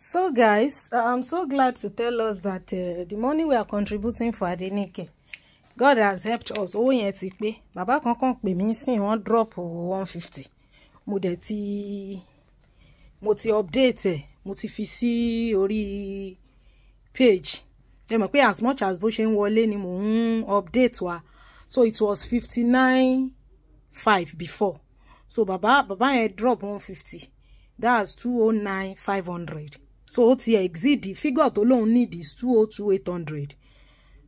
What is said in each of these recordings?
so guys uh, i'm so glad to tell us that uh, the money we are contributing for Adenike god has helped us owó yẹn ti pé bàbá kan kàn pè mí sí wọn drop one fifty mo dẹ̀ ti mo ti update ẹ̀ mo ti fi sí orí page ẹ mọ̀ pé as much as bó ṣe ń wọlé ni mò ń update wa so it was fifty nine five before so bàbá bàbá yẹn drop one fifty that's two oh nine five hundred so ó ti exceed the figure tó lóun need is two oh two eight hundred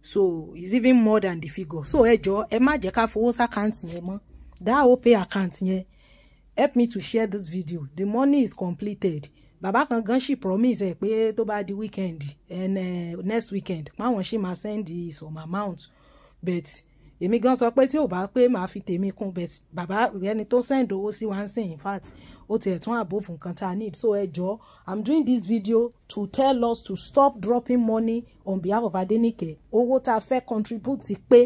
so it's even more than the figure so ẹ jọ ẹ má jẹ́ ká fowó sákàǹtì yẹn mọ́ that opay account yẹn help me to share this video the money is completed bàbá kan gan ṣì promise ẹ pé tó bá di weekend and uh, eh, next weekend páwọn ṣì máa send some amount but èmi gan sọ pé tí ò bá pé màá fi tèmi kún bẹ́ẹ̀ bàbá ẹni tó send owó sí wa sìn in ó tiẹ̀ tún àbò fún nǹkan tá a need so ẹ jọ i'm doing this video to tell us to stop dropping money on behalf of Adenike owó tá a fẹ́ contribute pé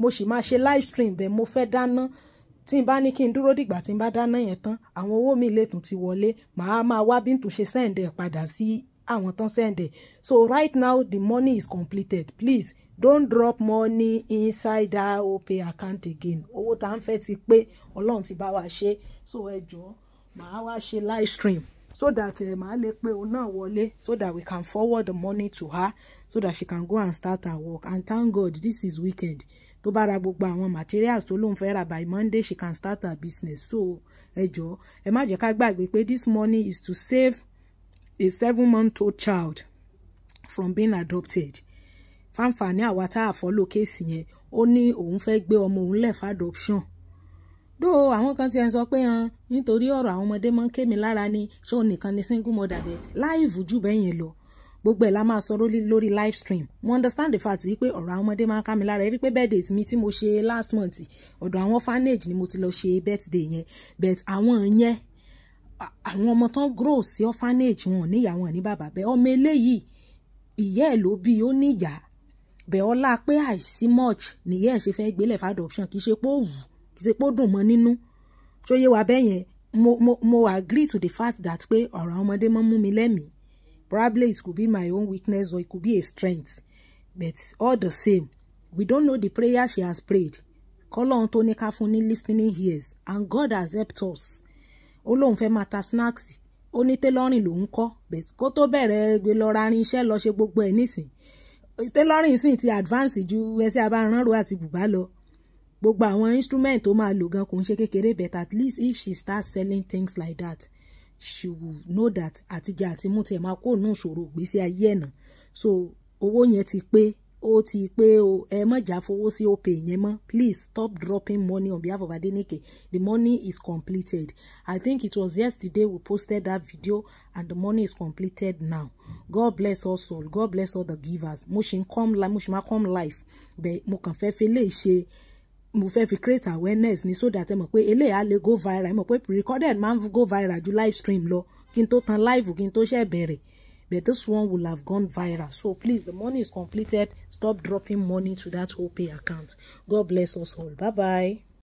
mo sì máa ṣe live stream bẹ́ẹ̀ mo fẹ́ dáná tí n bá ní kí n dúró dìgbà tí n bá dáná yẹn tán àwọn owó mi lè tún ti wọlé màá máa wá bí n tún ṣe send ẹ̀ padà sí àwọn tán send ẹ̀ so right now the money is completed please don't drop money inside that opay account again owó tá ń fẹ́ ti pé ọlọ́run ti bá wa ṣe so ẹ jọ̀ọ́ màá wá ṣe live stream so that ẹ eh, màá lè pé òun náà wọlé so that we can forward the money to her so that she can go and start her work and thank God this is weekend tó bá ra gbogbo àwọn materials tó lóun fẹ́ rà by Monday she can start her business so ẹ jọ̀ọ́ ẹ má jẹ́ ká gbàgbé pé this money is to save a seven month old child from being adopted fáǹfààní àwa tá a fọ́lò kéèsì yẹn ó ní òun fẹ́ gbé ọmọ òun lẹ̀ fàdọ́pṣọ̀n dó àwọn kan ti ẹ̀ sọ pé hàn nítorí ọ̀rọ̀ àwọn ọmọdé máa ń ké mi lára ni ṣé òun nìkan ni single mother bet láìvù jù bẹ́ẹ̀ yẹn lọ gbogbo ẹ̀ la máa sọ lórí live stream mo understand the fact wípé ọ̀rọ̀ àwọn ọmọdé máa ń ká mi lára ẹ pé birthday mi tí mo ṣe last month ọ̀dọ̀ àwọn orphanage ni mo ti lọ ṣe birthday yẹn but àwọn yẹn àwọn ọmọ tán grow sí orphanage wọn níyàwó ní bàbá bẹ́ẹ̀ ọmọ eléyìí ìyá ẹ̀ ló bí ó níyàá bẹ̀ ọ́ la pé àìsí much nìyẹn ẹ̀ ṣe fẹ́ gbélẹ̀ fún adoption kì í ṣe pé ó wù kì í ṣe pé ó dùn mọ́ nínú tó yé wa bẹ́ẹ̀ mo mo mo agree to the fact that pé ọ̀rọ̀ ọmọdé mọ́ mú mi lẹ́mìí probably it could be my own weakness or it could be a strength but all the same we don't know the prayer she has prayed kọ́lọ́run tó ní ká fún ní listening ears and God has helped us ó lóun fẹ́ máa ta snacks ó ní tẹ́lọ́rìn lòún kọ́ kó tó bẹ̀rẹ̀ gbé lọ ra irinṣẹ́ lọ ṣe gbogbo ẹ̀ nísìn tailoring sì ti advance ju ẹsẹ̀ abáránrò àti bùbá lọ gbogbo àwọn instrument tó máa lò gan kò ń ṣe kékeré but at least if she start selling things like that she will know that àtijọ́ àti mú tiẹ̀ máa kó nù ìṣòro ìgbésí ayé ẹ̀ náà so owó yẹn ti pé ó ti pé o ẹ má jà fowó sí opay yẹn mọ́ please stop dropping money on behalf of Adenike the money is completed I think it was yesterday we posted that video and the money is completed now God bless us all God bless all the givers mo ṣe ń come life mo ṣe máa come life bẹ́ẹ̀ mo kàn fẹ́ fẹ́ lè ṣe mo fẹ́ fi create awareness ni so that ẹ mọ̀ pé eléyà lè go viral ẹ mọ̀ pé pre-recorded máa ń go viral ju live stream lọ kí n tó tan live kí n tó ṣe bẹ̀rẹ̀ but this one will have gone viral so please the money is completed stop dropping money to that opay account god bless us all bye bye